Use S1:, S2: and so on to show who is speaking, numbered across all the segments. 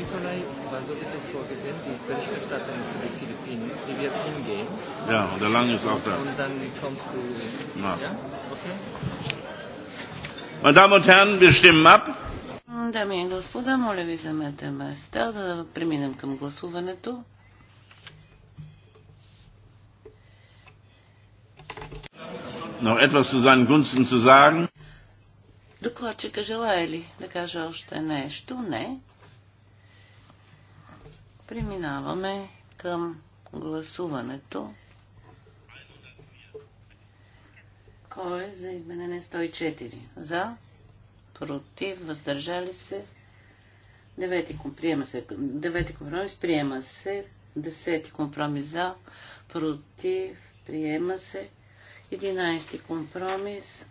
S1: Nicolai war sowieso vorgesehen, die ist Berichterstatterin für die Philippinen. Sie wird hingehen. Ja, und der Lange ist auch da. Und dann kommst du. Na. Ja? Okay.
S2: Meine Damen und Herren, wir stimmen ab. Дами и господа, моля ви замете места да преминем към гласуването. Noch etwas zu seinen Gunsten zu sagen? Докладчика желая ли да каже още нещо? Не. Преминаваме към гласуването. Кой е за изменение 104? За, против, въздържали се. Девети се. Девети компромис приема се. Десети компромис за, против, приема се. Единайсти компромис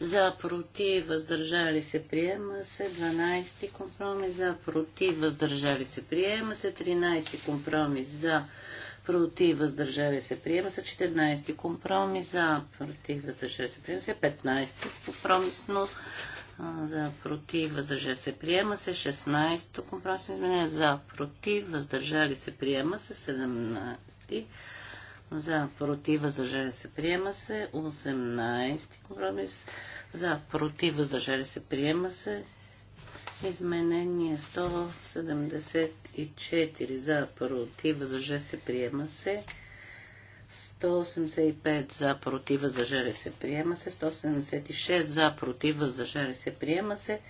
S2: за против, въздържали се, приема се. 12 компромис за против, въздържали се, приема се. 13 компромис за против, въздържали се, приема се. 14 компромис за против, въздържали се, приема се. 15 компромисно за против, въздържали се, приема се. 16 компромисно изменение за против, въздържали се, приема се. 17 за против, въздържали се, приема се. 18 компромис за против, въздържали се, приема се. Изменение 174 за против, въздържали се, приема се. 185 за против, въздържали се, приема се. 176 за против, въздържали се, приема се.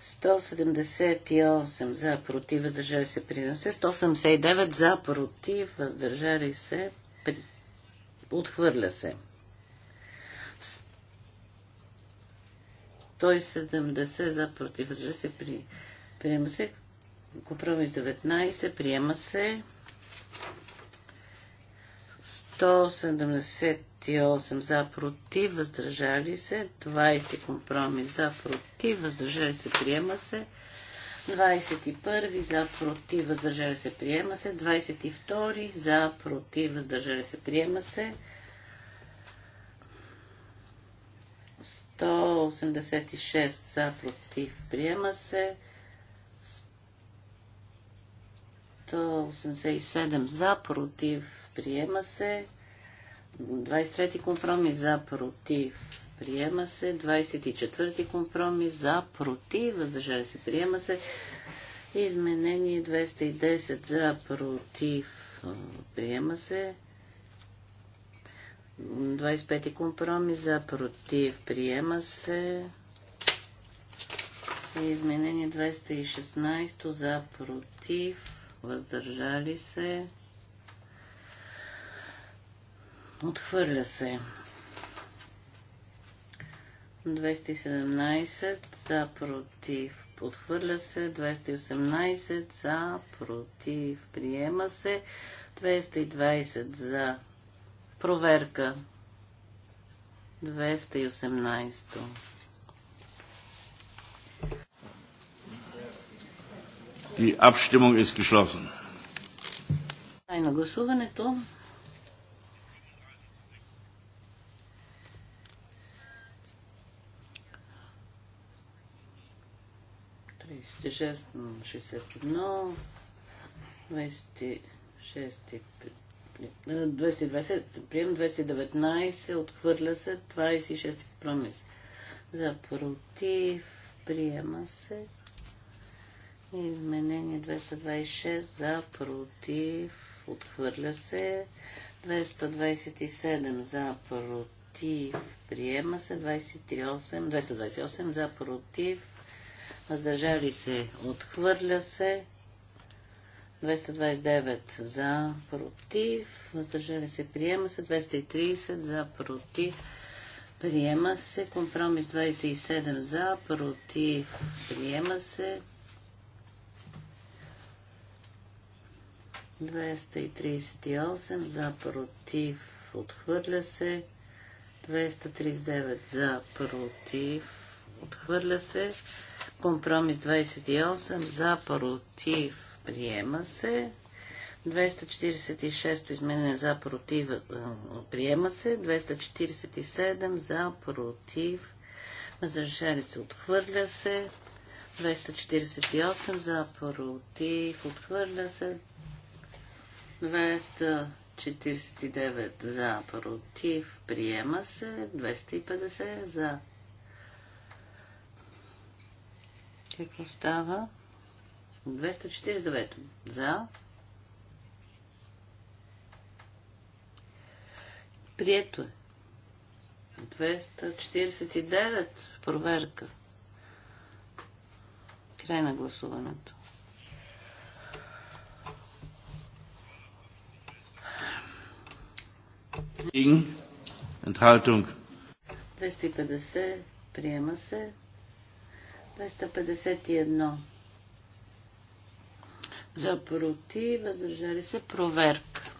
S2: 178 за против, въздържали се, приема се. 179 за против, въздържали се, приема се. Отхвърля се. 170 за против. Въздържали се. При... Приема се. Компромис 19. Приема се. 178 за против, въздържали се, 20 компромис за против, въздържали се, приема се, 21 за против въздържали се приема се. 22 за против въздържали се приема се. 186 за против приема се. 187 за против приема се. 23 компромис за против Приема се. 24 компромис за, против, въздържали се. Приема се. Изменение 210 за, против. Приема се. 25 компромис за, против. Приема се. Изменение 216 за, против. Въздържали се. Отхвърля се. 217 за против. Отхвърля се. 218 за против. Приема се. 220 за проверка. 218. Die Abstimmung ist geschlossen. Тайна гласуването. 26 61, 26 220 прием, 219 отхвърля се, 26 компромис. За против приема се. Изменение 226 за против отхвърля се. 227 за против приема се. 28, 228 за против въздържали се, отхвърля се. 229 за, против, въздържали се, приема се. 230 за, против, приема се. Компромис 27 за, против, приема се. 238 за, против, отхвърля се. 239 за, против, отхвърля се. Компромис 28 за, против, приема се. 246 изменение за, против, е, приема се. 247 за, против, въздържали се, отхвърля се. 248 за, против, отхвърля се. 249 за, против, приема се. 250 за, Какво става? 249. За. Прието е. 249. Проверка. Край на гласуването. Enthaltung. 250 приема се. 251 за проти, въздържали се, проверка.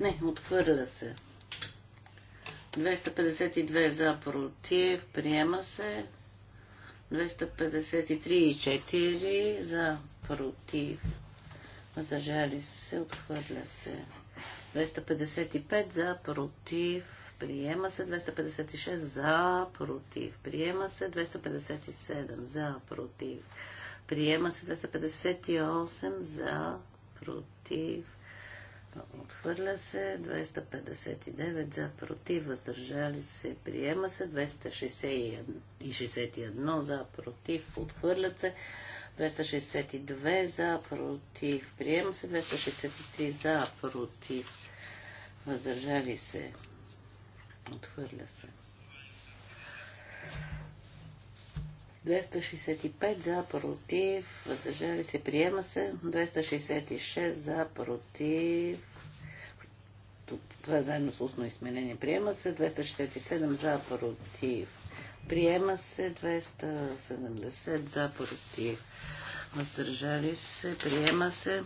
S2: Не, отхвърля се. 252 за против, приема се. 253 и 4 за против. Въздържали се, отхвърля се. 255 за против. Приема се 256 за, против. Приема се 257 за, против. Приема се 258 за, против. Отхвърля се 259 за, против. Въздържали се. Приема се 261 за, против. Отхвърлят се 262 за, против. Приема се 263 за, против. Въздържали се. Отхвърля се. 265 за, против, въздържали се, приема се. 266 за, против. Това е заедно с устно изменение. Приема се. 267 за, против. Приема се. 270 за, против. Въздържали се, приема се.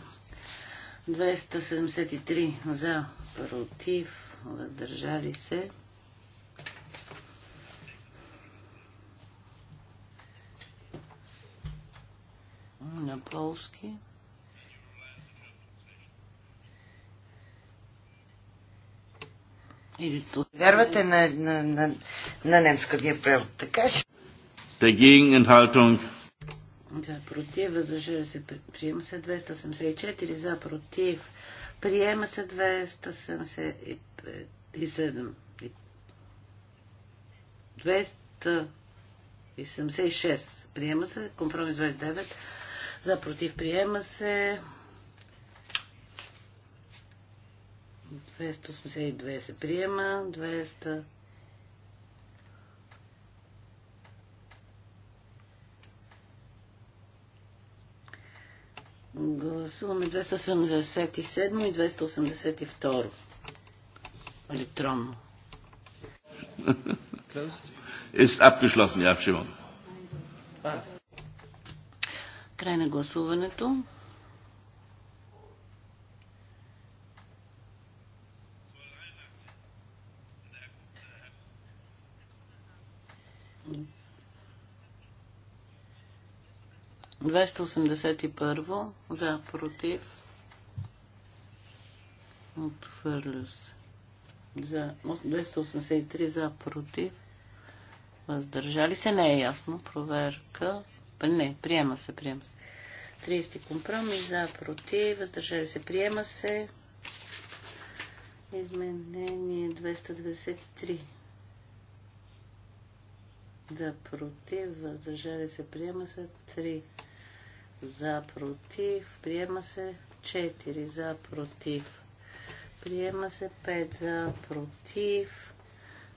S2: 273 за, против. Въздържали се.
S1: на полски. Вярвате на, на, на, на немска диапрел, така ли?
S2: Dagegen Enthaltung. Да, против, въздържали се, приема се 274, за, против, приема се 277. 276, приема се, компромис 29, за против приема се 282 се приема 200 Гласуваме 277 и 282 електронно. Ist abgeschlossen, die Abstimmung. Край на гласуването. Двеста за против. Отхвърля се. За 283 за против. Въздържали се не е ясно. Проверка. Не, приема се, приема се. 30 компромис за, против, въздържали се, приема се. Изменение 293. За, против, въздържали се, приема се. 3. За, против, приема се. 4. За, против. Приема се 5 за против.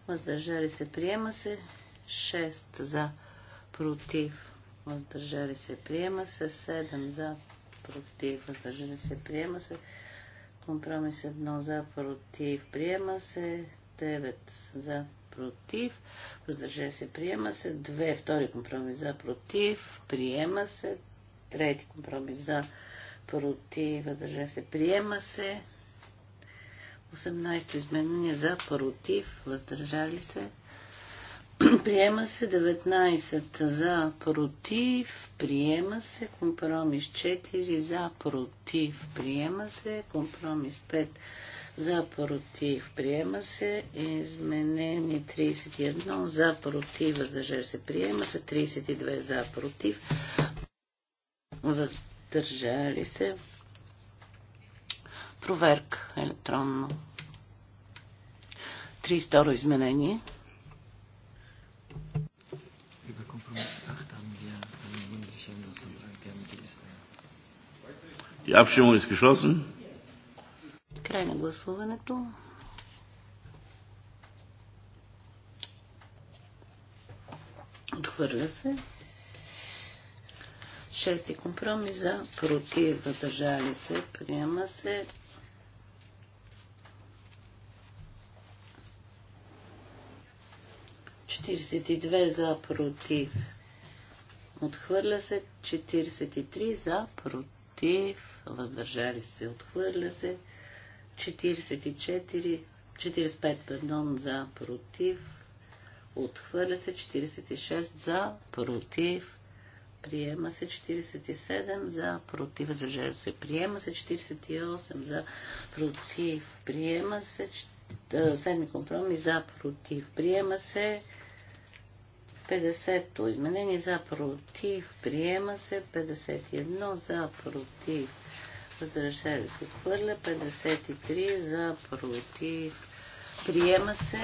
S2: Въздържали се. Приема се 6 за против въздържали се, приема се 7 за, против, въздържали се, приема се. Компромис 1 за, против, приема се. 9 за, против, въздържали се, приема се. 2, втори компромис за, против, приема се. Трети компромис за, против, въздържали се, приема се. 18 изменение за, против, въздържали се, Приема се 19 за против. Приема се компромис 4 за против. Приема се компромис 5 за против. Приема се изменени 31 за против. Въздържали се. Приема се 32 за против. Въздържали се. Проверка електронно. 32 изменение. Die Abstimmung ist geschlossen. Край на гласуването. Отхвърля се. Шести компромис за против, въздържали се, приема се. 42 за против. Отхвърля се 43 за против. Въздържали се. Отхвърля се 44, 45 пардон, за против. Отхвърля се 46 за против. Приема се 47 за против. Въздържали се. Приема се 48 за против. Приема се 7 компромис за против. Приема се 50-то изменение за против. Приема се 51 за против. Въздържали се отхвърля. 53 за против. Приема се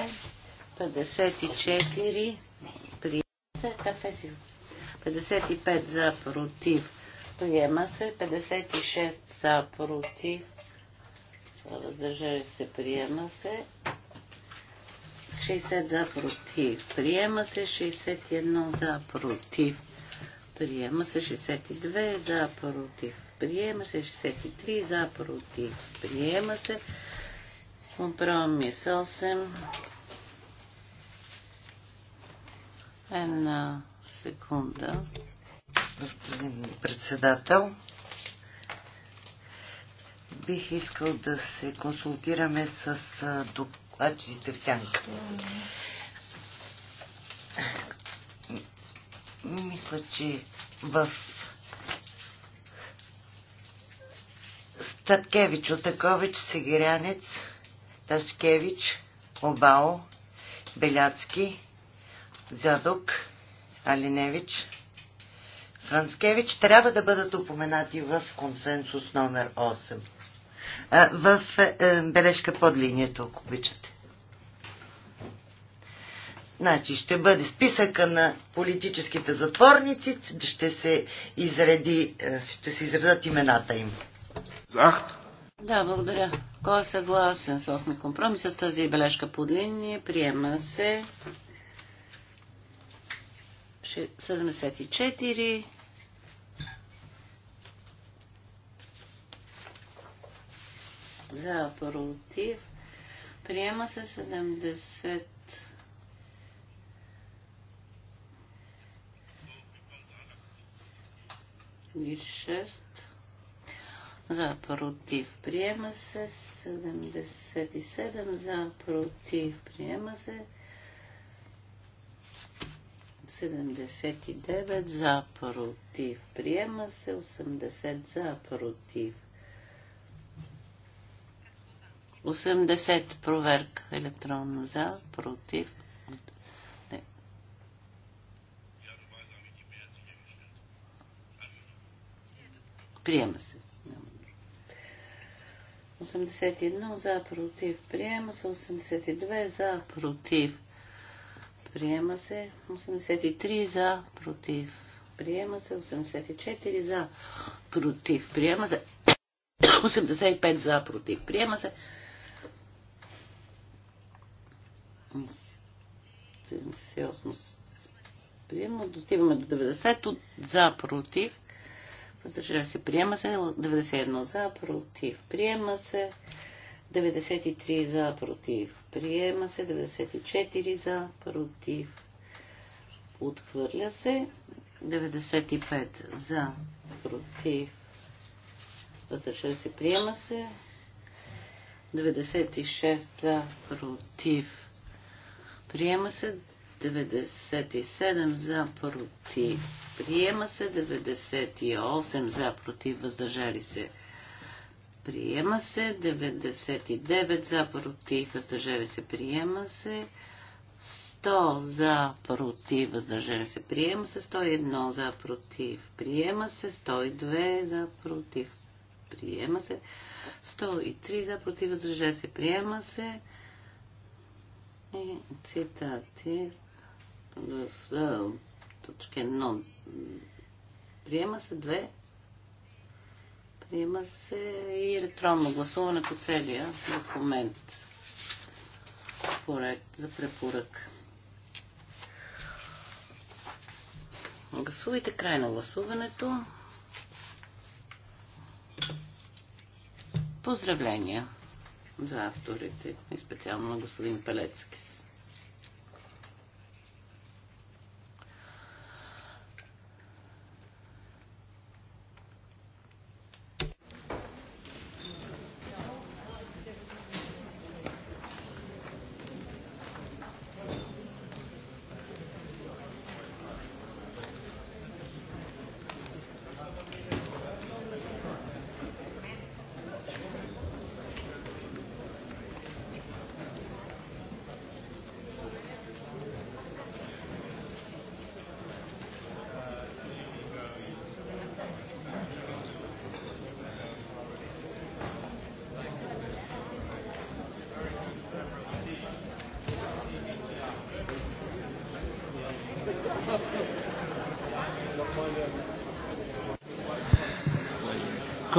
S2: 54. Приема се кафе си. 55 за против. Приема се 56 за против. Въздържали се. Приема се 60 за против. Приема се 61 за против. Приема се 62 за против. Приема се 63 за против. Приема се компромис 8.
S1: Една секунда. Господин председател, бих искал да се консултираме с доктор докладчиците в сянка. Мисля, че в Статкевич, Отакович, Сегирянец, Ташкевич, Обао, Беляцки, Зядок, Алиневич, Францкевич трябва да бъдат упоменати в консенсус номер 8. В е, бележка под линията, ако обичате. Значи ще бъде списъка на политическите затворници, ще се, изреди, е, ще се изредат имената им. Захт.
S2: Да, благодаря. Кой е съгласен с 8 компромис с тази бележка под линия? Приема се 74. За, против. Приема се 70. и 6 за против приема се 77 за против приема се 79 за против приема се 80 за против 80 проверка електронна за против Приема се. 81 за, против. Приема се. 82 за, против. Приема се. 83 за, против. Приема се. 84 за, против. Приема се. 85 за, против. Приема се. 78 приема. Дотиваме до 90 за, против въздържали се, приема се, 91 за, против, приема се, 93 за, против, приема се, 94 за, против, отхвърля се, 95 за, против, въздържали се, приема се, 96 за, против, приема се, 97 за против. Приема се 98 за против. Въздържали се. Приема се 99 за против. Въздържали се. Приема се 100 за против. Въздържали се. Приема се 101 за против. Приема се 102 за против. Приема се 103 за против. Въздържали се. Приема се. И цитати в точка 1. Приема се 2. Приема се и електронно гласуване по целия документ. Проект за препорък. Гласувайте край на гласуването. Поздравления за авторите и специално на господин Пелецкис.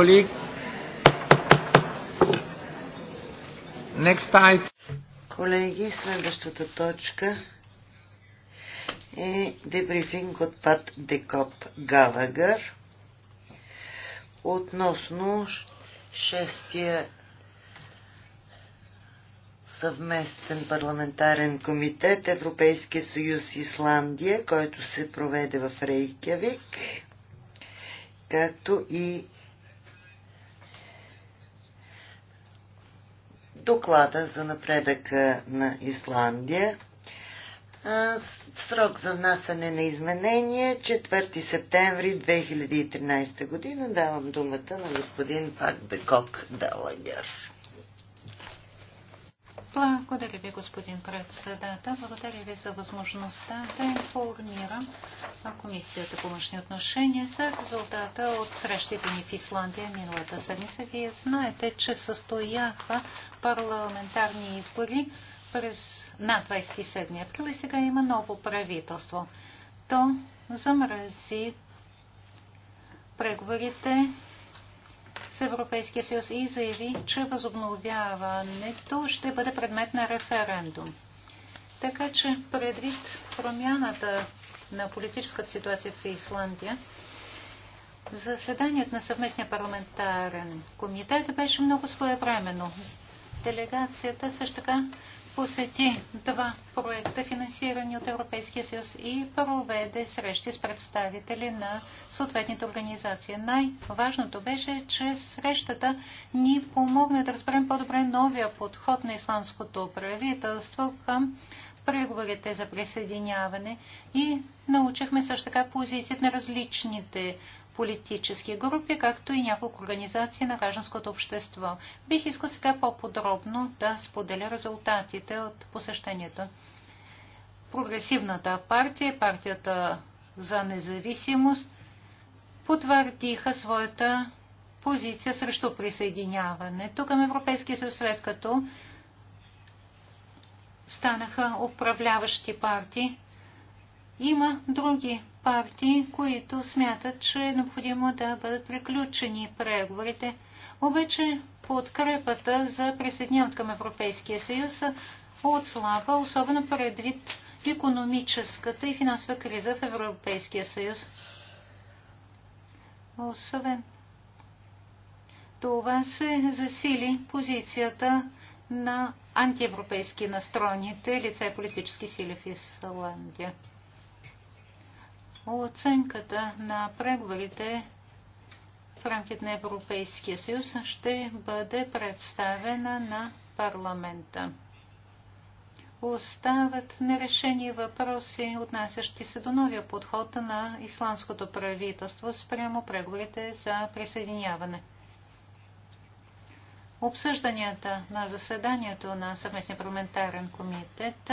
S2: colleague.
S1: Next item. Колеги, следващата точка е дебрифинг от Пат Декоп Галагър относно шестия съвместен парламентарен комитет Европейския съюз Исландия, който се проведе в Рейкявик, както и доклада за напредъка на Исландия. Срок за внасяне на изменения 4 септември 2013 година. Давам думата на господин Пак Декок Далагер.
S3: Благодаря ви, господин председател. Благодаря ви за възможността да информирам Комисията по външни отношения за резултата от срещите ни в Исландия миналата седмица. Вие знаете, че състояха парламентарни избори през на 27 април и сега има ново правителство. То замрази преговорите с Европейския съюз и заяви, че възобновяването ще бъде предмет на референдум. Така че предвид промяната на политическата ситуация в Исландия, заседанието на съвместния парламентарен комитет беше много своевременно. Делегацията също така посети два проекта, финансирани от Европейския съюз и проведе срещи с представители на съответните организации. Най-важното беше, че срещата ни помогна да разберем по-добре новия подход на исландското правителство към преговорите за присъединяване и научихме също така позициите на различните политически групи, както и няколко организации на гражданското общество. Бих искал сега по-подробно да споделя резултатите от посещението. Прогресивната партия и партията за независимост потвърдиха своята позиция срещу присъединяването към Европейския съюз, след като станаха управляващи партии има други партии, които смятат, че е необходимо да бъдат приключени преговорите. Обаче подкрепата за присъединяване към Европейския съюз отслаба, особено предвид економическата и финансова криза в Европейския съюз. Освен това се засили позицията на антиевропейски настроените лица и политически сили в Исландия. Оценката на преговорите в рамките на Европейския съюз ще бъде представена на парламента. Остават нерешени въпроси, отнасящи се до новия подход на исландското правителство спрямо преговорите за присъединяване. Обсъжданията на заседанието на съвместния парламентарен комитет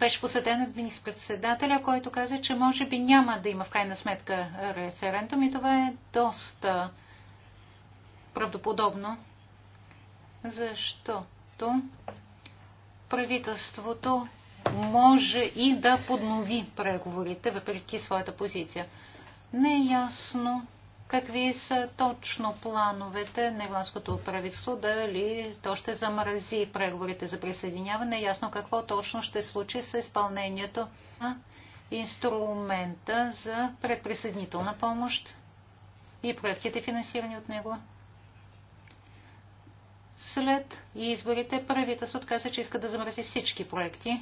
S3: беше посетен министр председателя който каза, че може би няма да има в крайна сметка референдум и това е доста правдоподобно, защото правителството може и да поднови преговорите, въпреки своята позиция. Не е ясно Какви са точно плановете на ирландското правителство? Дали то ще замрази преговорите за присъединяване? Ясно какво точно ще случи с изпълнението на инструмента за предприсъединителна помощ и проектите финансирани от него? След изборите правителството каза, че иска да замрази всички проекти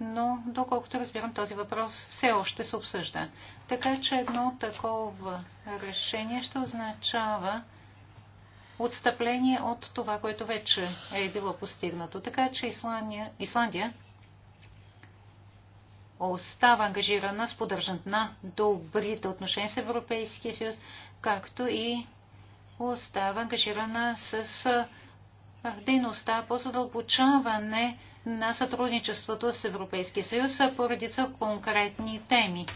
S3: но доколкото разбирам, този въпрос все още се обсъжда. Така че едно такова решение ще означава отстъпление от това, което вече е било постигнато. Така че Исландия, Исландия остава ангажирана с поддържането на добрите отношения с Европейския съюз, както и остава ангажирана с дейността по задълбочаване на сътрудничеството с Европейския съюз по редица конкретни теми.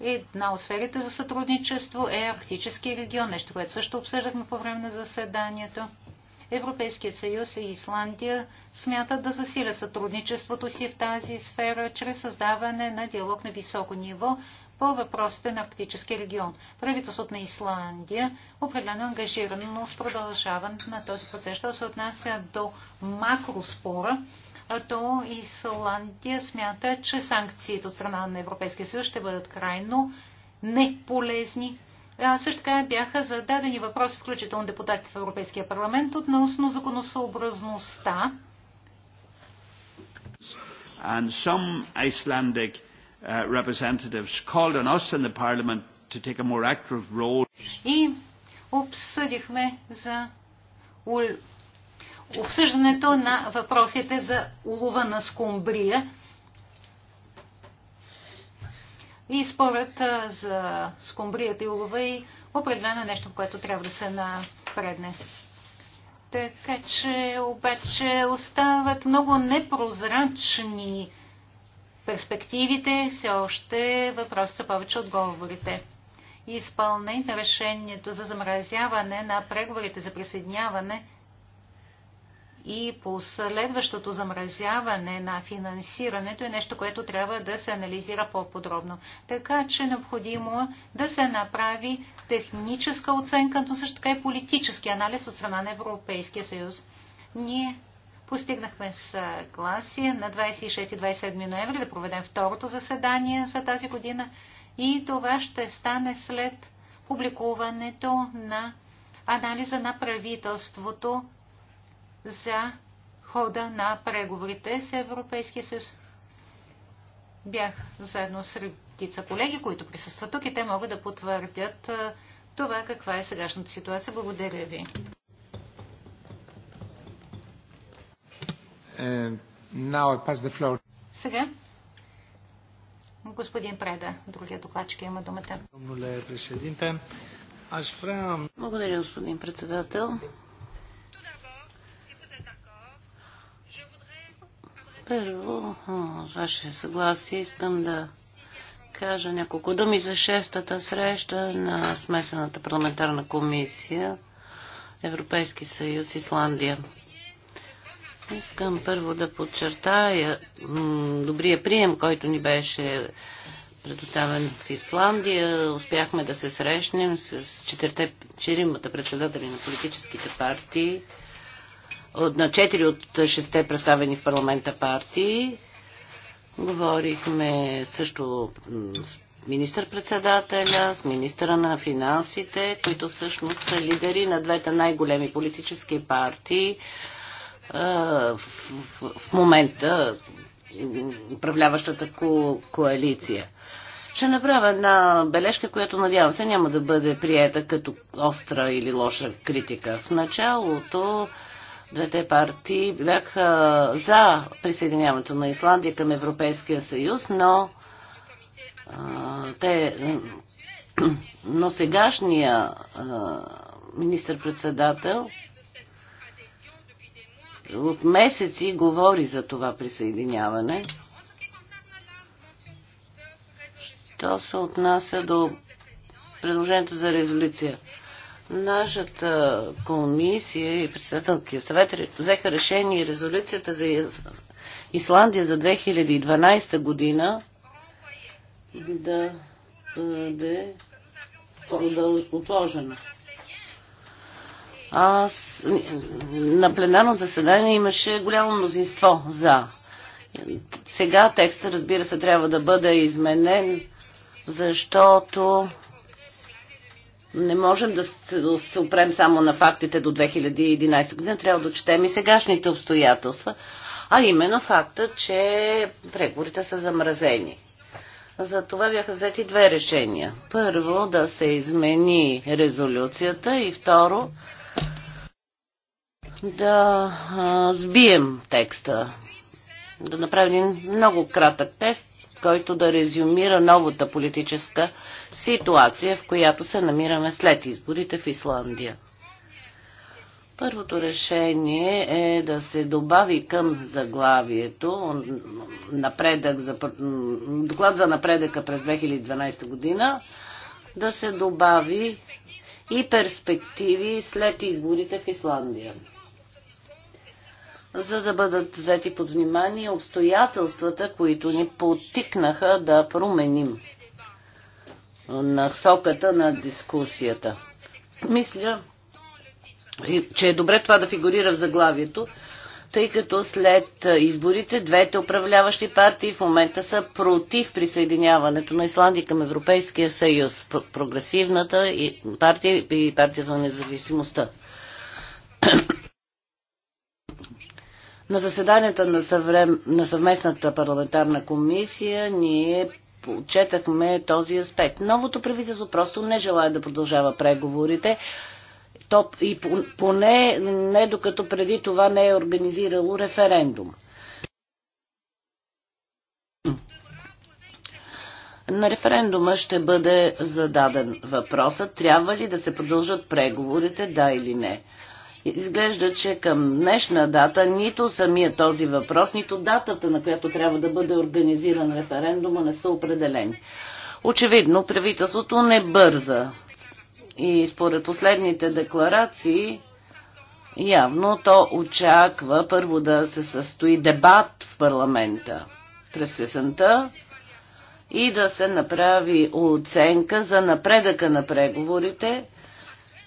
S3: Една от сферите за сътрудничество е Арктически регион, нещо, което също обсъждахме по време на заседанието. Европейският съюз и Исландия смятат да засилят сътрудничеството си в тази сфера чрез създаване на диалог на високо ниво по въпросите на арктическия регион. Правителството на Исландия определено е ангажирано с продължаване на този процес. Що се отнася до макроспора, то Исландия смята, че санкциите от страна на Европейския съюз ще бъдат крайно неполезни. А също така бяха зададени въпроси, включително депутатите в Европейския парламент, относно законосъобразността and some Icelandic Uh, representatives called on us in the parliament to take a more active role. И обсъдихме за обсъждането на въпросите за улова на скумбрия. И според за скумбрията и улова и определено нещо, което трябва да се напредне. Така че обаче остават много непрозрачни перспективите, все още въпроса са повече отговорите. Изпълнение на решението за замразяване на преговорите за присъединяване и последващото замразяване на финансирането е нещо, което трябва да се анализира по-подробно. Така че е необходимо да се направи техническа оценка, но също така и политически анализ от страна на Европейския съюз. Ние Постигнахме съгласие на 26 и 27 ноември да проведем второто заседание за тази година и това ще стане след публикуването на анализа на правителството за хода на преговорите с Европейския съюз. Бях заедно с редица колеги, които присъстват тук и те могат да потвърдят това каква е сегашната ситуация. Благодаря ви. floor. Сега господин Преда, другия докладчик има думата.
S2: Благодаря, господин председател. Първо, с ваше съгласие, искам да кажа няколко думи за шестата среща на смесената парламентарна комисия Европейски съюз Исландия. Искам първо да подчертая добрия прием, който ни беше предоставен в Исландия. Успяхме да се срещнем с четирите, четиримата председатели на политическите партии, на четири от шесте представени в парламента партии. Говорихме също с министър-председателя, с министъра на финансите, които всъщност са лидери на двете най-големи политически партии в, момента управляващата ко, коалиция. Ще направя една бележка, която надявам се няма да бъде приета като остра или лоша критика. В началото двете партии бяха за присъединяването на Исландия към Европейския съюз, но а, те но сегашния министър-председател от месеци говори за това присъединяване. Що се отнася до предложението за резолюция? Нашата комисия и председателския съвет взеха решение и резолюцията за Исландия за 2012 година да бъде отложена. Аз на пленарно заседание имаше голямо мнозинство за. Сега текста, разбира се, трябва да бъде изменен, защото не можем да се опрем само на фактите до 2011 година. Трябва да четем и сегашните обстоятелства, а именно факта, че преговорите са замразени. За това бяха взети две решения. Първо, да се измени резолюцията и второ, да а, сбием текста, да направим много кратък тест, който да резюмира новата политическа ситуация, в която се намираме след изборите в Исландия. Първото решение е да се добави към заглавието напредък за, доклад за напредъка през 2012 година, да се добави и перспективи след изборите в Исландия за да бъдат взети под внимание обстоятелствата, които ни потикнаха да променим насоката на дискусията. Мисля, че е добре това да фигурира в заглавието, тъй като след изборите двете управляващи партии в момента са против присъединяването на Исландия към Европейския съюз, прогресивната партия и партията на независимостта. На заседанията на, съврем... на съвместната парламентарна комисия ние отчетахме този аспект. Новото правителство просто не желая да продължава преговорите. То и поне не докато преди това не е организирало референдум. На референдума ще бъде зададен въпросът трябва ли да се продължат преговорите, да или не. Изглежда, че към днешна дата нито самия този въпрос, нито датата, на която трябва да бъде организиран референдума, не са определени. Очевидно, правителството не бърза. И според последните декларации, явно то очаква първо да се състои дебат в парламента през сесента и да се направи оценка за напредъка на преговорите –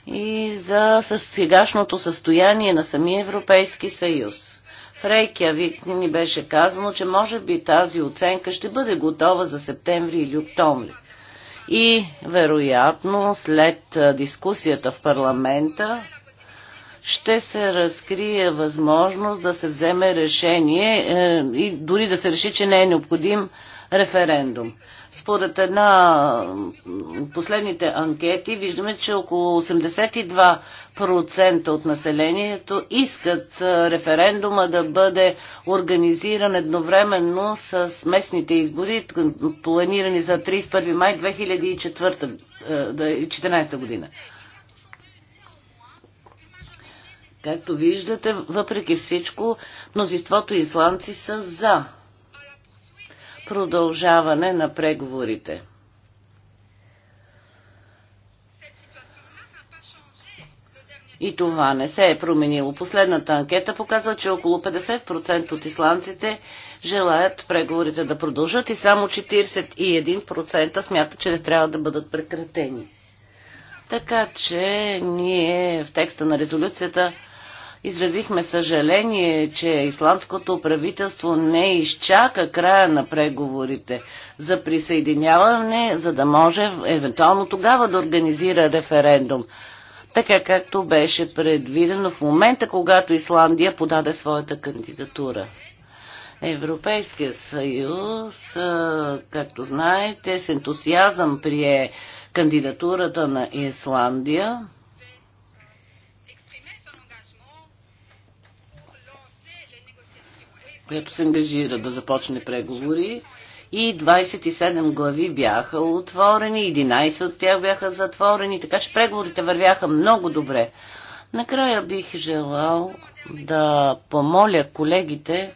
S2: и за сегашното състояние на самия Европейски съюз. В Рейкявик ни беше казано, че може би тази оценка ще бъде готова за септември или октомври. И вероятно след дискусията в парламента ще се разкрие възможност да се вземе решение е, и дори да се реши, че не е необходим референдум. Според една последните анкети виждаме, че около 82% от населението искат референдума да бъде организиран едновременно с местните избори, планирани за 31 май 2014 година. Както виждате, въпреки всичко, мнозинството исландци са за продължаване на преговорите. И това не се е променило. Последната анкета показва, че около 50% от исландците желаят преговорите да продължат и само 41% смятат, че не трябва да бъдат прекратени. Така че ние в текста на резолюцията Изразихме съжаление, че исландското правителство не изчака края на преговорите за присъединяване, за да може евентуално тогава да организира референдум. Така както беше предвидено в момента, когато Исландия подаде своята кандидатура. Европейския съюз, както знаете, с ентусиазъм прие кандидатурата на Исландия която се ангажира да започне преговори и 27 глави бяха отворени, 11 от тях бяха затворени, така че преговорите вървяха много добре. Накрая бих желал да помоля колегите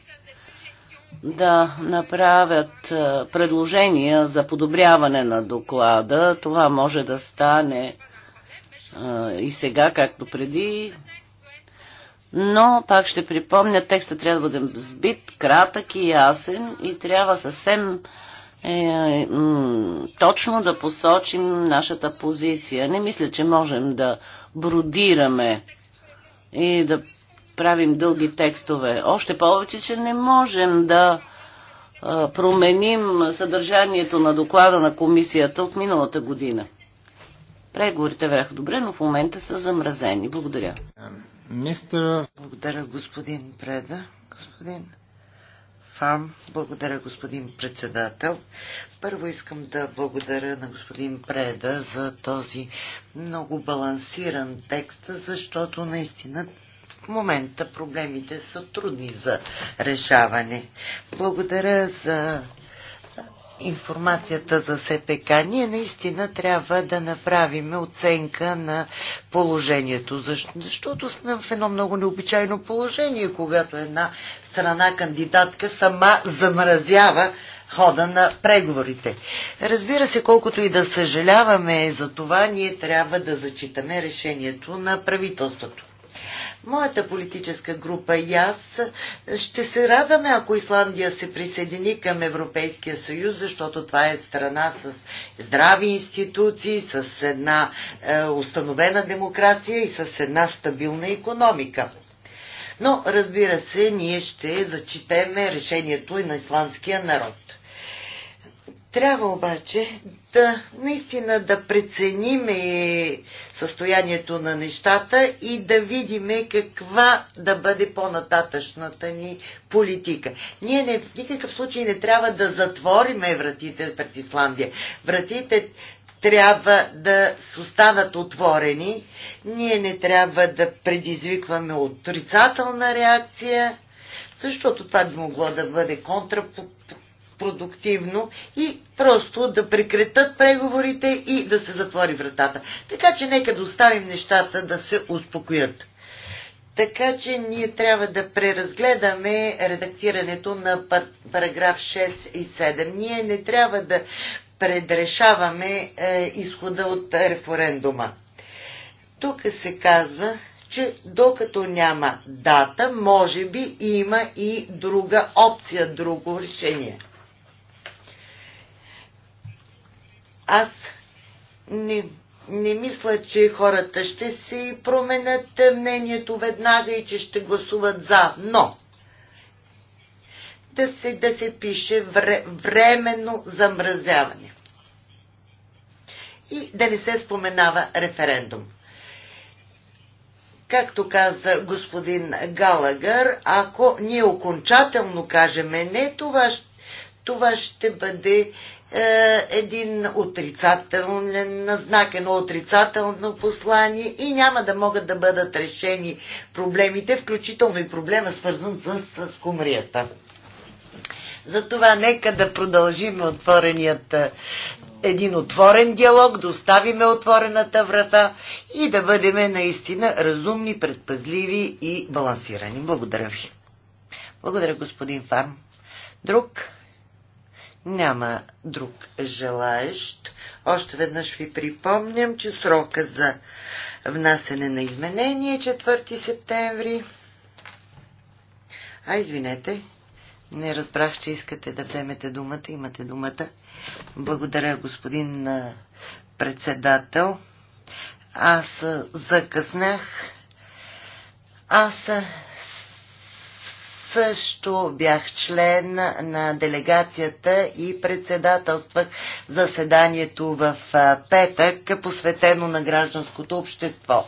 S2: да направят е, предложения за подобряване на доклада. Това може да стане е, и сега, както преди, но пак ще припомня, текста трябва да бъде сбит, кратък и ясен и трябва съвсем е, е точно да посочим нашата позиция. Не мисля, че можем да бродираме и да правим дълги текстове. Още повече, че не можем да е, променим съдържанието на доклада на комисията от миналата година. Преговорите бяха добре, но в момента са
S1: замразени. Благодаря. Мистер... Благодаря, господин Преда. Господин ФАМ, благодаря, господин председател. Първо искам да благодаря на господин Преда за този много балансиран текст, защото наистина в момента проблемите са трудни за решаване. Благодаря за информацията за СПК. Ние наистина трябва да направим оценка на положението, защото сме в едно много необичайно положение, когато една страна кандидатка сама замразява хода на преговорите. Разбира се, колкото и да съжаляваме за това, ние трябва да зачитаме решението на правителството моята политическа група и аз ще се радваме, ако Исландия се присъедини към Европейския съюз, защото това е страна с здрави институции, с една е, установена демокрация и с една стабилна економика. Но, разбира се, ние ще зачитеме решението и на исландския народ. Трябва обаче да наистина да прецениме състоянието на нещата и да видиме каква да бъде по-нататъчната ни политика. Ние не, в никакъв случай не трябва да затвориме вратите пред Исландия. Вратите трябва да останат отворени. Ние не трябва да предизвикваме отрицателна реакция, защото това би могло да бъде контрапо продуктивно и просто да прекретат преговорите и да се затвори вратата. Така че нека да оставим нещата да се успокоят. Така че ние трябва да преразгледаме редактирането на параграф 6 и 7. Ние не трябва да предрешаваме е, изхода от референдума. Тук се казва, че докато няма дата, може би има и друга опция, друго решение. Аз не, не мисля, че хората ще си променят мнението веднага и че ще гласуват за, но да се, да се пише вре, временно замразяване. И да не се споменава референдум. Както каза господин Галагър, ако ние окончателно кажем не, това, това ще бъде е, един отрицателен знак, едно отрицателно послание и няма да могат да бъдат решени проблемите, включително и проблема свързан с, с кумрията. Затова нека да продължим отвореният е, един отворен диалог, да оставиме отворената врата и да бъдем наистина разумни, предпазливи и балансирани. Благодаря ви. Благодаря, господин Фарм. Друг? Няма друг желаещ. Още веднъж ви припомням, че срока за внасене на изменение е 4 септември. А, извинете, не разбрах, че искате да вземете думата. Имате думата. Благодаря, господин председател. Аз закъснях. Аз също бях член на делегацията и председателствах заседанието в петък, посветено на гражданското общество.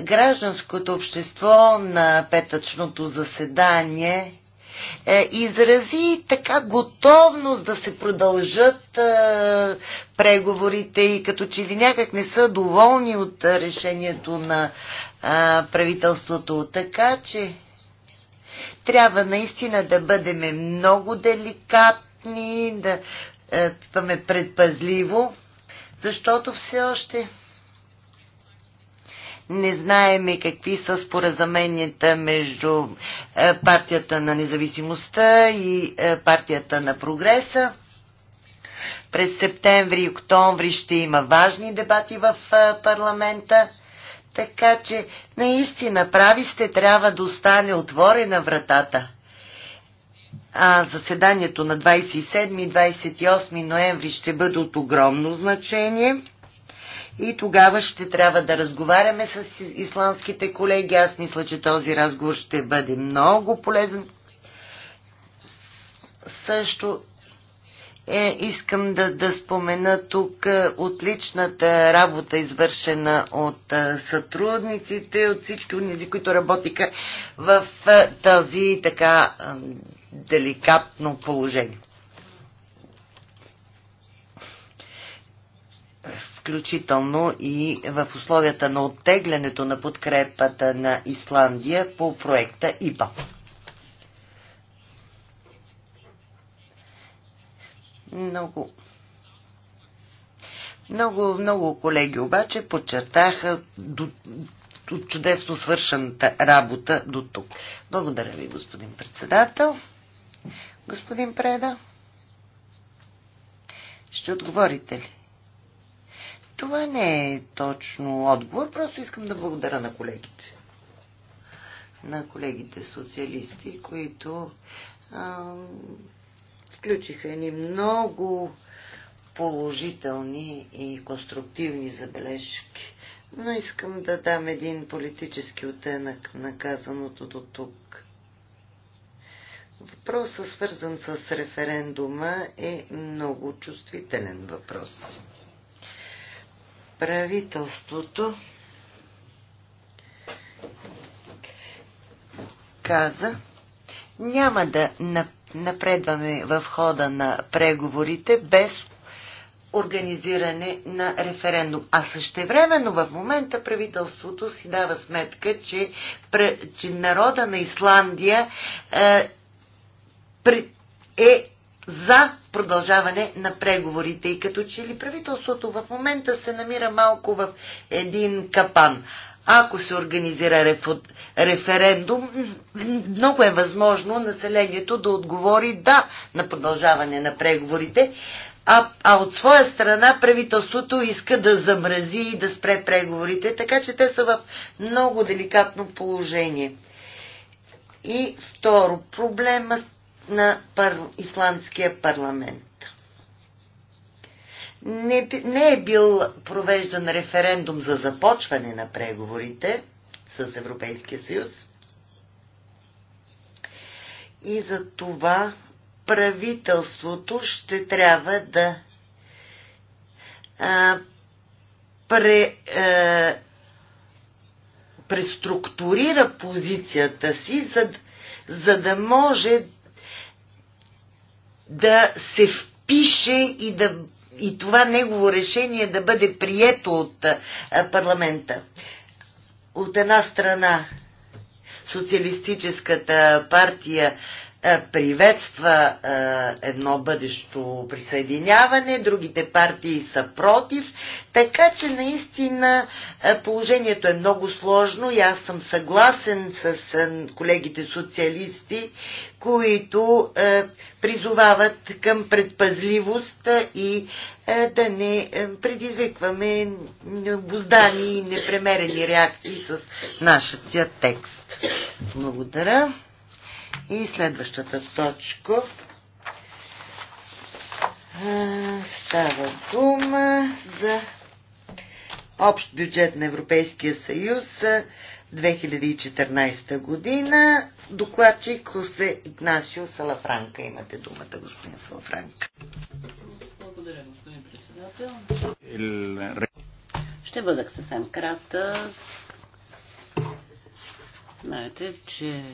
S1: Гражданското общество на петъчното заседание е, изрази така готовност да се продължат е, преговорите и като че ли някак не са доволни от решението на е, правителството. Така че трябва наистина да бъдем много деликатни, да паме е, предпазливо, защото все още не знаеме какви са споразуменията между е, партията на независимостта и е, партията на прогреса. През септември и октомври ще има важни дебати в парламента така че, наистина, прави сте, трябва да остане отворена вратата. А заседанието на 27 и 28 ноември ще бъде от огромно значение. И тогава ще трябва да разговаряме с исландските колеги. Аз мисля, че този разговор ще бъде много полезен. Също е, искам да, да спомена тук е, отличната работа, извършена от е, сътрудниците, от всички унизи, които работиха в е, този така деликатно положение. включително и в условията на оттеглянето на подкрепата на Исландия по проекта ИПА. Много много, много колеги обаче подчертаха до, до чудесно свършената работа до тук. Благодаря ви, господин председател. Господин Преда, ще отговорите ли? Това не е точно отговор, просто искам да благодаря на колегите. На колегите социалисти, които а, включиха ни много положителни и конструктивни забележки. Но искам да дам един политически оттенък на казаното до тук. Въпросът, свързан с референдума, е много чувствителен въпрос. Правителството каза, няма да направи напредваме в хода на преговорите без организиране на референдум. А същевременно в момента правителството си дава сметка, че, че народа на Исландия е, е за продължаване на преговорите и като че ли правителството в момента се намира малко в един капан ако се организира референдум, много е възможно населението да отговори да на продължаване на преговорите, а, а от своя страна правителството иска да замрази и да спре преговорите, така че те са в много деликатно положение. И второ, проблема на пар... исландския парламент не, не е бил провеждан референдум за започване на преговорите с Европейския съюз. И за това правителството ще трябва да а, пре, а, преструктурира позицията си, за, за да може да се впише и да и това негово решение да бъде прието от парламента. От една страна социалистическата партия е, приветства е, едно бъдещо присъединяване, другите партии са против, така че наистина е, положението е много сложно и аз съм съгласен с колегите социалисти, които призовават към предпазливост и да не предизвикваме необоздани и непремерени реакции с нашия текст. Благодаря. И следващата точка става дума за общ бюджет на Европейския съюз 2014 година. Докладчик Хосе Игнасио Салафранка. Имате думата, господин Салафранка.
S2: Благодаря, господин председател. Ще бъда съвсем
S1: кратък.
S2: Знаете, че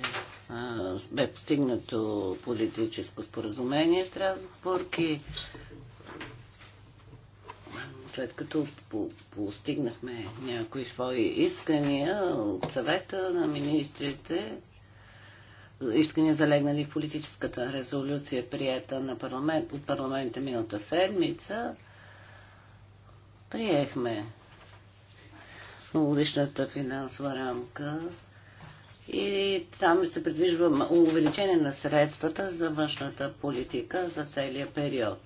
S2: бе постигнато политическо споразумение в Страсбург и след като по постигнахме някои свои искания от съвета на министрите, искания залегнали в политическата резолюция, прията на парламент, от парламента миналата седмица, приехме годишната финансова рамка и там се предвижда увеличение на средствата за външната политика за целия период.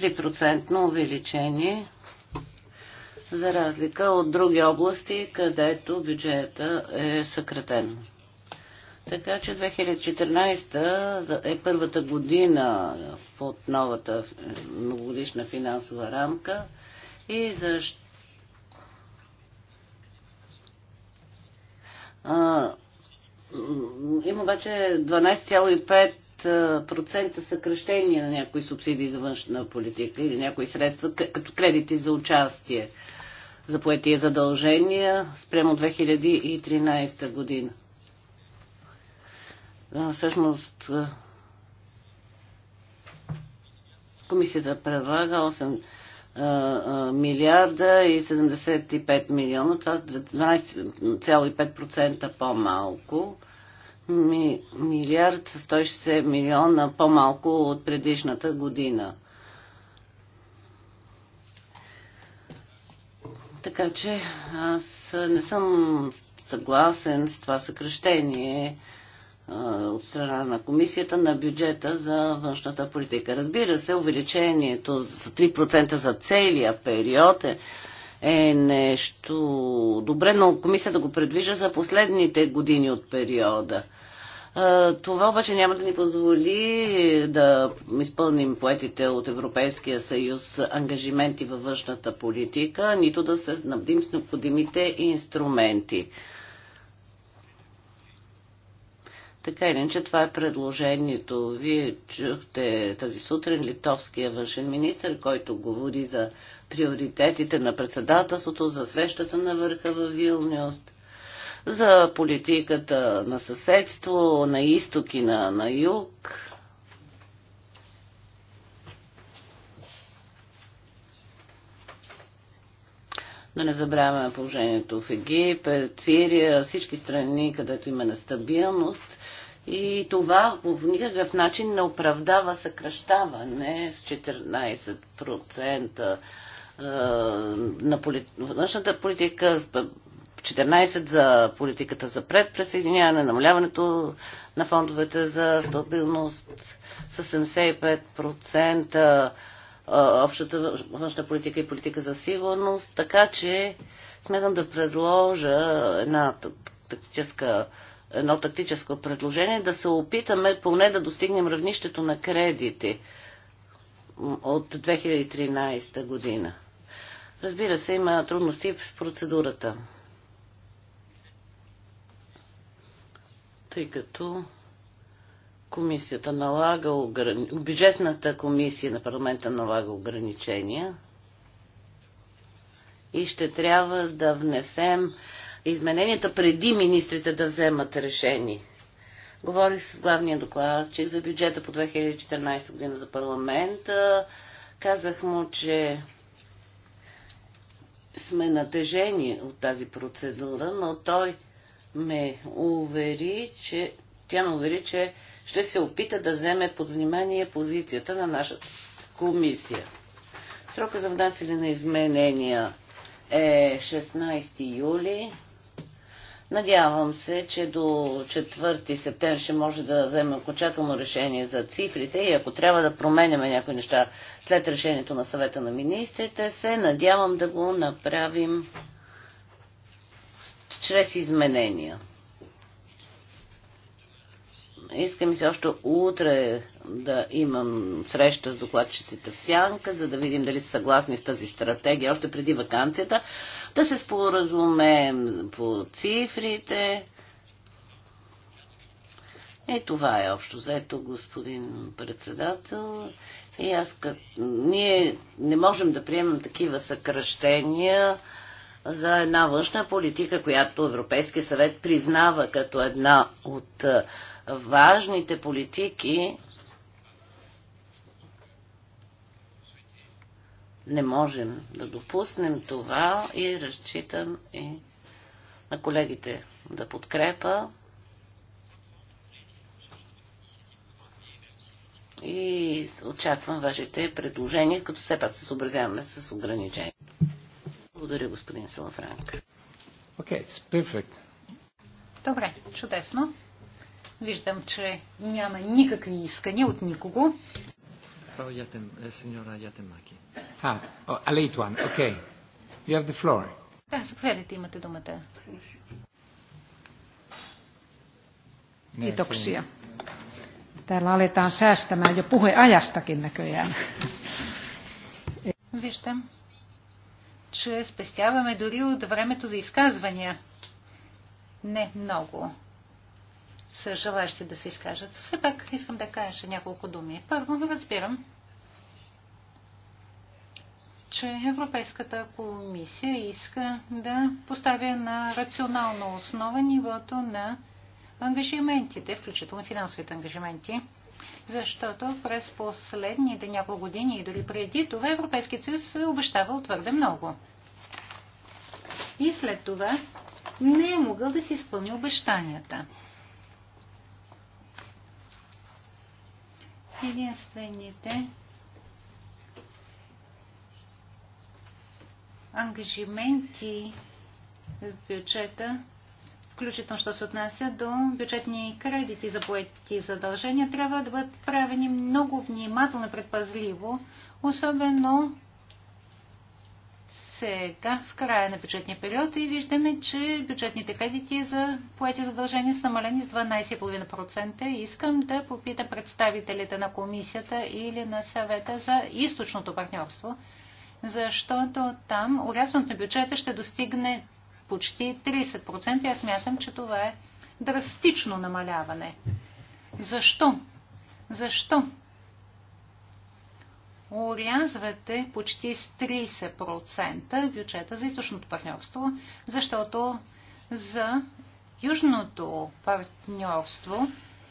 S2: 3% увеличение за разлика от други области, където бюджета е съкратен. Така че 2014 е първата година под новата е, многогодишна финансова рамка и защо Има обаче 12,5% съкръщение на някои субсидии за външна политика или някои средства, като кредити за участие за поетия задължения спрямо 2013 година. Всъщност, комисията предлага 8 милиарда и 75 милиона, това 12,5% е по-малко. Ми, милиард 160 милиона по-малко от предишната година. Така че аз не съм съгласен с това съкръщение от страна на комисията на бюджета за външната политика. Разбира се, увеличението за 3% за целия период е, е нещо добре, но комисията го предвижда за последните години от периода. Това обаче няма да ни позволи да изпълним поетите от Европейския съюз ангажименти във външната политика, нито да се снабдим с необходимите инструменти. Така или иначе, това е предложението. Вие чухте тази сутрин литовския външен министр, който говори за приоритетите на председателството, за срещата на върха в Вилнюс, за политиката на съседство, на изток и на, на юг. Да не забравяме положението в Египет, Сирия, всички страни, където има нестабилност. И това по никакъв начин не оправдава съкръщаване с 14% на външната политика, 14% за политиката за предпресъединяване, намаляването на фондовете за стабилност с 75% общата външна политика и политика за сигурност, така че смятам да предложа една тактическа едно тактическо предложение, да се опитаме поне да достигнем равнището на кредити от 2013 година. Разбира се, има трудности с процедурата. Тъй като комисията налага ограни... бюджетната комисия на парламента налага ограничения и ще трябва да внесем измененията преди министрите да вземат решение. Говорих с главния докладчик за бюджета по 2014 година за парламента. Казах му, че сме натежени от тази процедура, но той ме увери, че тя ме увери, че ще се опита да вземе под внимание позицията на нашата комисия. Срока за внасяне на изменения е 16 юли Надявам се, че до 4 септември ще може да вземе окончателно решение за цифрите и ако трябва да променяме някои неща след решението на съвета на министрите, се надявам да го направим чрез изменения. Искам се още утре да имам среща с докладчиците в Сянка, за да видим дали са съгласни с тази стратегия още преди вакансията да се споразумеем по цифрите. И това е общо заето, господин председател. И аз като... Ние не можем да приемем такива съкръщения за една външна политика, която Европейския съвет признава като една от важните политики Не можем да допуснем това и разчитам и на колегите да подкрепа и очаквам вашите предложения, като все пак се съобразяваме с ограничения. Благодаря, господин Салафранк. Okay,
S3: perfect. Добре, чудесно. Виждам, че няма никакви искания от никого. Frau Jatem, signora Jatemaki. А,
S2: а late one, okay. You have the floor.
S3: Да, заповядайте, имате думата. Kiitoksia. Täällä aletaan säästämään jo puheajastakin näköjään. Виждам, че спестяваме дори от времето за изказвания. Не много са желащи да се изкажат. Все пак искам да кажа няколко думи. Първо разбирам, че Европейската комисия иска да поставя на рационална основа нивото на ангажиментите, включително финансовите ангажименти, защото през последните няколко години и дори преди това Европейският съюз е обещавал твърде много. И след това не е могъл да си изпълни обещанията. единствените ангажименти в бюджета, включително що се отнася до бюджетни кредити за поети задължения, трябва да бъдат правени много внимателно, предпазливо, особено сега в края на бюджетния период и виждаме, че бюджетните кредити е за поети задължения са намалени с 12,5%. Искам да попитам представителите на комисията или на съвета за източното партньорство, защото там урязването на бюджета ще достигне почти 30%. Аз мятам, че това е драстично намаляване. Защо? Защо урязвате почти с 30% бюджета за източното партньорство, защото за южното партньорство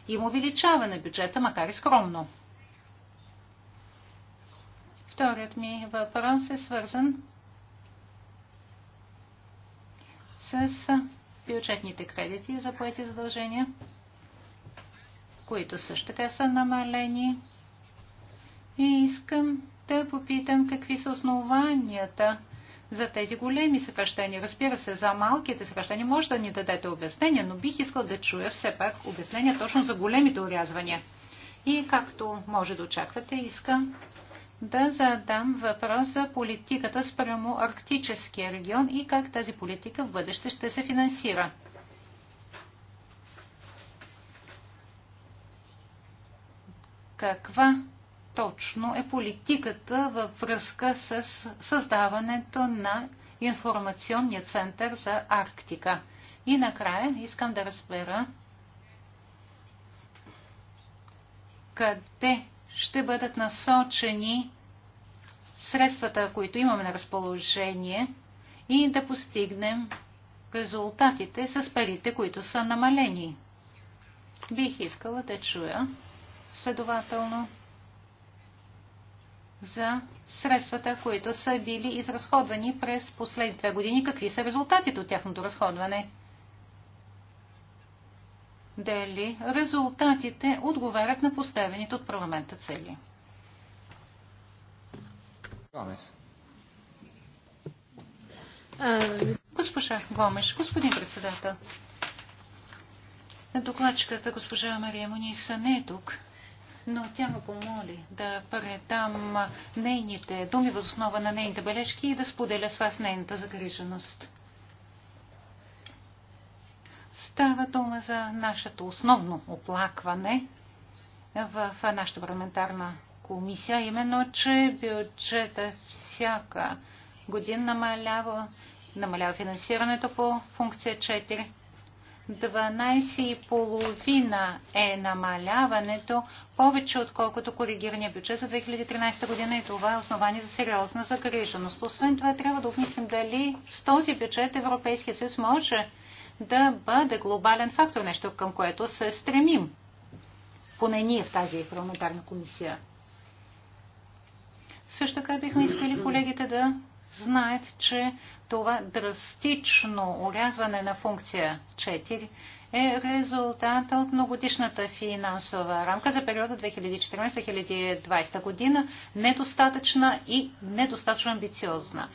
S3: има увеличаване на бюджета, макар и скромно. Вторият ми въпрос е свързан с бюджетните кредити за поети задължения, които също така са намалени и искам да попитам какви са основанията за тези големи съкръщения. Разбира се, за малките съкръщения може да ни дадете обяснение, но бих искал да чуя все пак обяснение точно за големите урязвания. И както може да очаквате, искам да задам въпрос за политиката спрямо Арктическия регион и как тази политика в бъдеще ще се финансира. Каква точно е политиката във връзка с създаването на информационния център за Арктика. И накрая искам да разбера къде ще бъдат насочени средствата, които имаме на разположение и да постигнем резултатите с парите, които са намалени. Бих искала да чуя следователно за средствата, които са били изразходвани през последните две години. Какви са резултатите от тяхното разходване? Дали резултатите отговарят на поставените от парламента цели? Госпожа Гомеш, господин председател. Докладчиката госпожа Мария Мониса не е тук но тя ме помоли да предам нейните думи въз основа на нейните бележки и да споделя с вас нейната загриженост. Става дума за нашето основно оплакване в нашата парламентарна комисия, именно, че бюджета всяка година намалява, намалява финансирането по функция 4 12,5 е намаляването, повече отколкото коригирания бюджет за 2013 година и това е основание за сериозна загриженост. Освен това, трябва да обмислим дали с този бюджет Европейския съюз може да бъде глобален фактор, нещо към което се стремим. Поне ние в тази парламентарна комисия. Също така бихме искали колегите да знаят, че това драстично урязване на функция 4 е резултата от многодишната финансова рамка за периода 2014-2020 година, недостатъчна и недостатъчно амбициозна.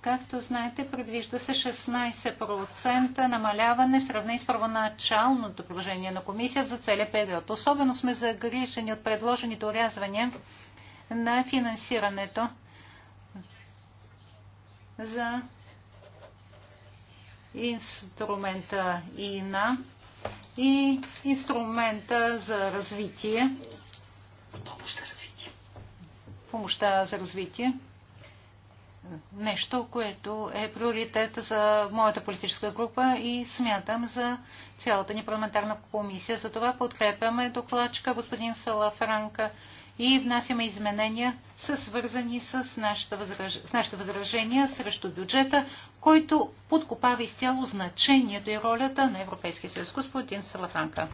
S3: Както знаете, предвижда се 16% намаляване в сравнение с първоначалното предложение на комисията за целия период. Особено сме загрижени от предложените урязвания на финансирането за инструмента ИНА и инструмента за развитие. Помощ за развитие. Помощта за развитие. Нещо, което е приоритет за моята политическа група и смятам за цялата ни парламентарна комисия. За това подкрепяме докладчика господин Сала Франка и внасяме изменения, са свързани с нашите, възраж... с нашата възражения срещу бюджета, който подкопава изцяло значението и ролята на Европейския съюз. Господин Салафранка.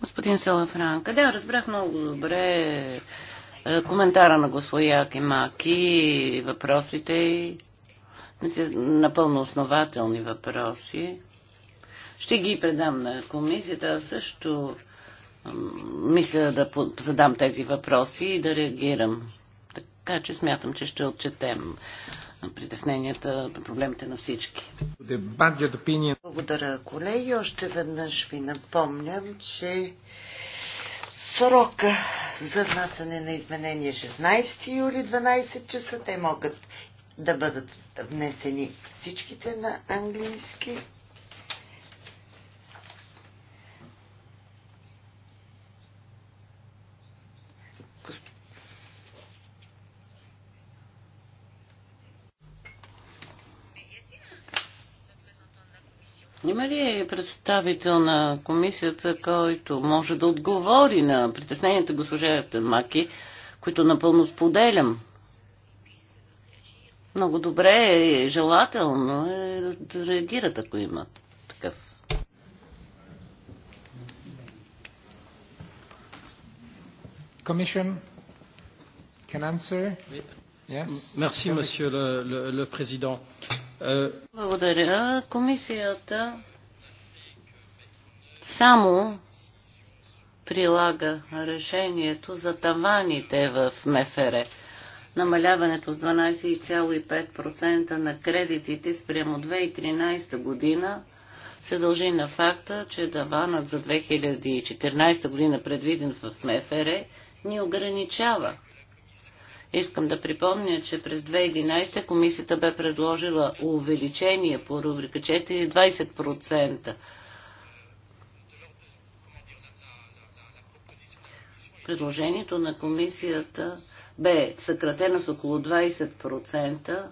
S2: Господин Салафранка, да, разбрах много добре е, коментара на господин Кимаки, въпросите и напълно основателни въпроси. Ще ги предам на комисията. Също мисля да задам тези въпроси и да реагирам. Така че смятам, че ще
S1: отчетем притесненията, проблемите на всички. Благодаря, колеги. Още веднъж ви напомням, че срока за внасяне на изменение 16 е юли 12 часа. Те могат да бъдат внесени всичките на английски.
S2: Има ли представител на комисията, който може да отговори на притесненията госпожа Маки, които напълно споделям? Много добре е, желателно е да реагират, ако имат такъв.
S3: Commission can answer? Yes. Merci, Monsieur le, le, le Président.
S2: Благодаря. Комисията само прилага решението за таваните в МФР. Намаляването с 12,5% на кредитите спрямо 2013 година се дължи на факта, че даванът за 2014 година, предвиден в МФР, ни ограничава Искам да припомня, че през 2011 комисията бе предложила увеличение по рубрика 4 20%. Предложението на комисията бе съкратено с около 20%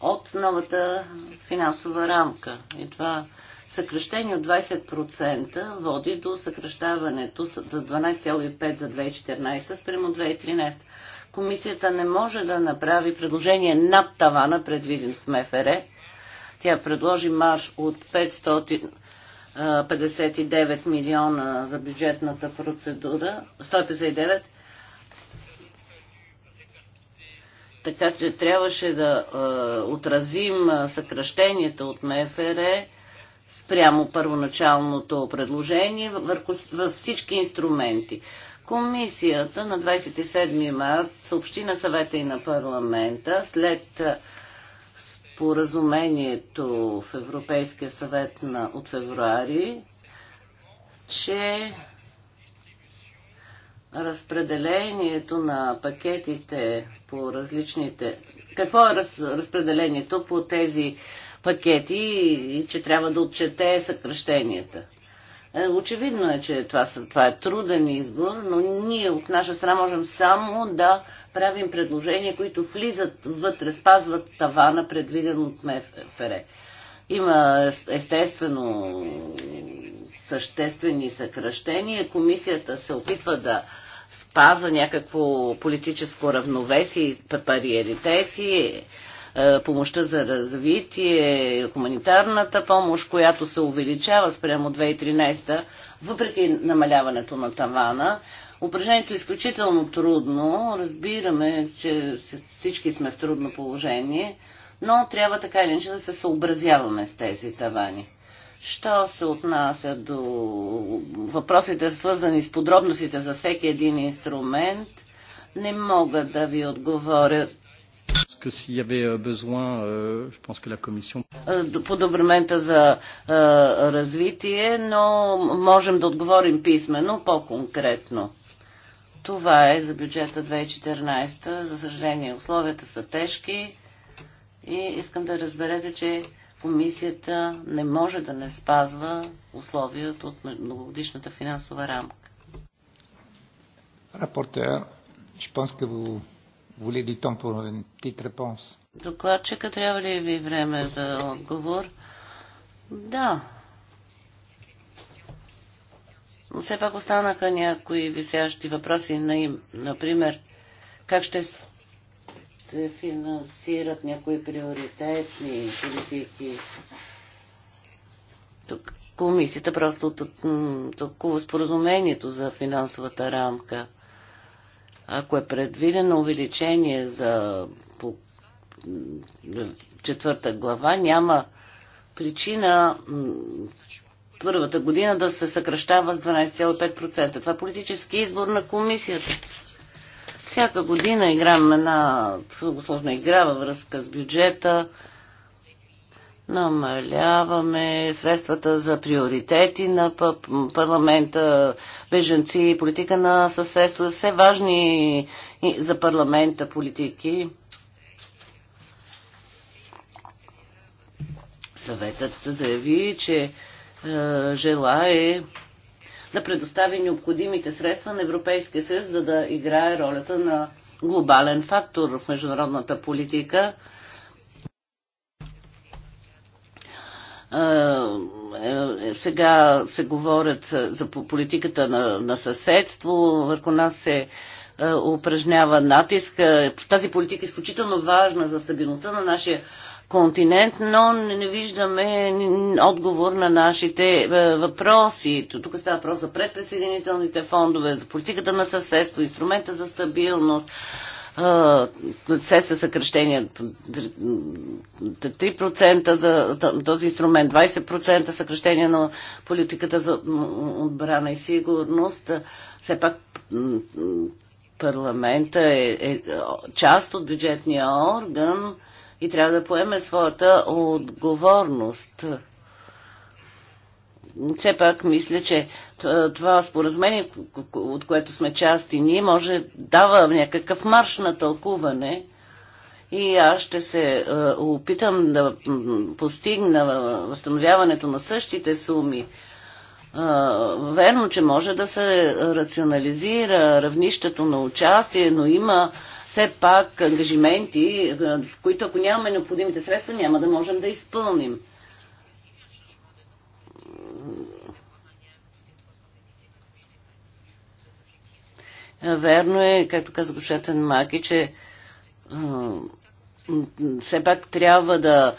S2: от новата финансова рамка. И това съкръщение от 20% води до съкръщаването с 12,5% за 2014 спрямо 2013. Комисията не може да направи предложение над тавана, предвиден в МФР. Тя предложи марш от 500 59 милиона за бюджетната процедура, 159. Така че трябваше да е, отразим съкръщенията от МФР спрямо първоначалното предложение върху, във всички инструменти. Комисията на 27 март съобщи на съвета и на парламента след споразумението в Европейския съвет на, от февруари, че разпределението на пакетите по различните... Какво е раз, разпределението по тези пакети и че трябва да отчете съкръщенията. Е, очевидно е, че това, това е труден избор, но ние от наша страна можем само да правим предложения, които влизат вътре, спазват тавана, предвиден от МФР. Има естествено съществени съкръщения. Комисията се опитва да спазва някакво политическо равновесие и париеритети. Е, помощта за развитие, хуманитарната помощ, която се увеличава спрямо 2013, въпреки намаляването на тавана. Упражнението е изключително трудно. Разбираме, че всички сме в трудно положение, но трябва така или иначе да се съобразяваме с тези тавани. Що се отнася до въпросите, свързани с подробностите за всеки един инструмент, не мога да ви отговоря
S3: que s'il y avait euh, besoin, euh, je pense que la Commission.
S2: Е, за е, развитие, но можем да отговорим писменно по-конкретно. Това е за бюджета 2014. За съжаление, условията са тежки и искам да разберете, че комисията не може да не спазва условията от многогодишната финансова рамка.
S3: Рапорта je Воле ли тон
S2: Докладчика трябва ли ви време за отговор? Да. Но все пак останаха някои висящи въпроси, например, как ще се финансират някои приоритетни политики. Тук комисията просто толкова споразумението за финансовата рамка – ако е предвидено увеличение за по, четвърта глава, няма причина първата година да се съкръщава с 12,5%. Това е политически избор на комисията. Всяка година играем една сложна игра във връзка с бюджета, намаляваме средствата за приоритети на парламента, беженци, политика на съседство, все важни за парламента политики. Съветът заяви, че е, желае да предостави необходимите средства на Европейския съюз, за да играе ролята на глобален фактор в международната политика. Е, е, сега се говорят за политиката на, на съседство, върху нас се е, упражнява натиск. Тази политика е изключително важна за стабилността на нашия континент, но не виждаме отговор на нашите въпроси. Тук става въпрос за предприсъединителните фондове, за политиката на съседство, инструмента за стабилност се са съкръщения 3% за този инструмент, 20% съкръщения на политиката за отбрана и сигурност. Все пак парламента е, е част от бюджетния орган и трябва да поеме своята отговорност все пак мисля, че това споразумение, от което сме части ние, може дава някакъв марш на тълкуване и аз ще се е, опитам да постигна възстановяването на същите суми. Е, верно, че може да се рационализира равнището на участие, но има все пак ангажименти, е, в които ако нямаме необходимите средства, няма да можем да изпълним. Е, верно е, както каза Гошетен Маки, че все пак трябва да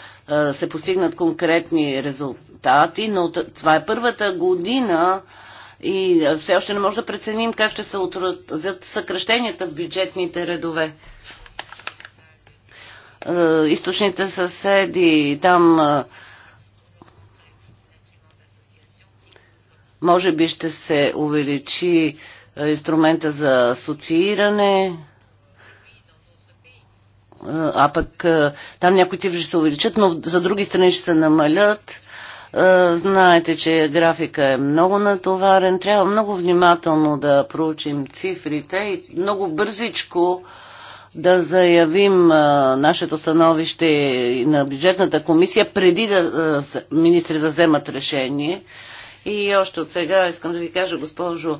S2: се постигнат конкретни резултати, но това е първата година и все още не може да преценим как ще се отразят съкръщенията в бюджетните редове. Източните съседи, там може би ще се увеличи инструмента за асоцииране, а пък там някои цифри ще се увеличат, но за други страни ще се намалят. Знаете, че графика е много натоварен. Трябва много внимателно да проучим цифрите и много бързичко да заявим нашето становище на бюджетната комисия преди да министрите да вземат решение. И още от сега искам да ви кажа, госпожо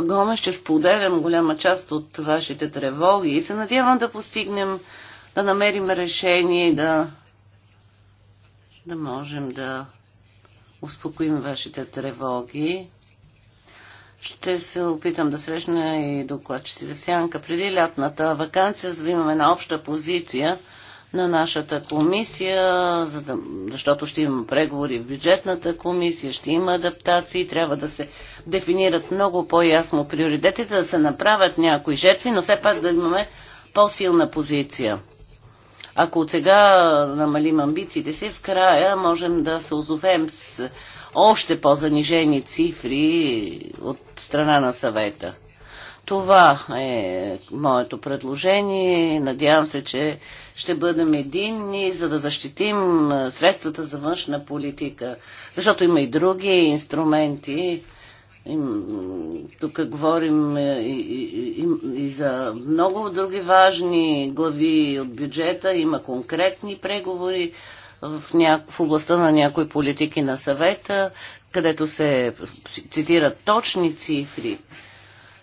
S2: Гомеш, ще споделям голяма част от вашите тревоги и се надявам да постигнем, да намерим решение и да, да можем да успокоим вашите тревоги. Ще се опитам да срещна и докладчиците в сянка преди лятната вакансия, за да имаме една обща позиция – на нашата комисия, за да, защото ще има преговори в бюджетната комисия, ще има адаптации, трябва да се дефинират много по-ясно приоритетите, да се направят някои жертви, но все пак да имаме по-силна позиция. Ако от сега намалим амбициите си, в края можем да се озовем с още по-занижени цифри от страна на съвета. Това е моето предложение. Надявам се, че ще бъдем единни, за да защитим средствата за външна политика. Защото има и други инструменти. Тук говорим е, и, и, и за много други важни глави от бюджета. Има конкретни преговори в, ня... в областта на някои политики на съвета, където се цитират точни цифри.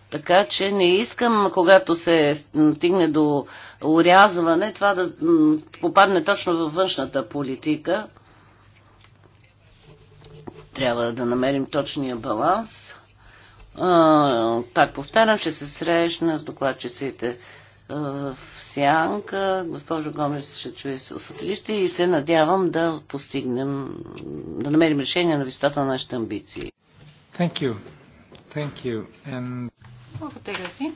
S2: Така че не искам, когато се стигне до урязване, това да попадне точно във външната политика. Трябва да намерим точния баланс. Пак повтарям, ще се срещна с докладчиците в Сянка. Госпожо Гомес ще чуе се социалисти и се надявам да постигнем, да намерим решение на висотата на нашите амбиции.
S3: Thank you. Thank you. And... Благодаря ви.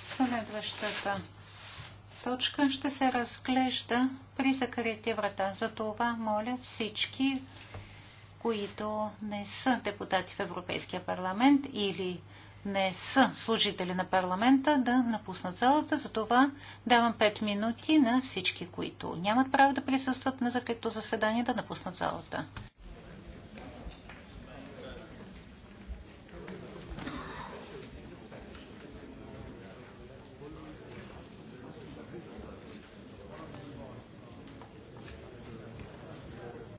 S3: Следващата точка ще се разглежда при закрити врата. За това моля всички, които не са депутати в Европейския парламент или не са служители на парламента, да напуснат залата. За това давам 5 минути на всички, които нямат право да присъстват на закрито заседание, да напуснат залата.